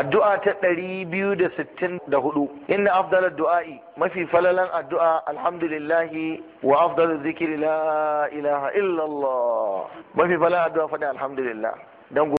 addu'a ta ɗari biyu da sittin da hudu inda afdalar du'a'i mafi falalan addu'a alhamdulillahi wa afdalar zikiri la ilaha illallah mafi falalan addu'a faɗi alhamdulillah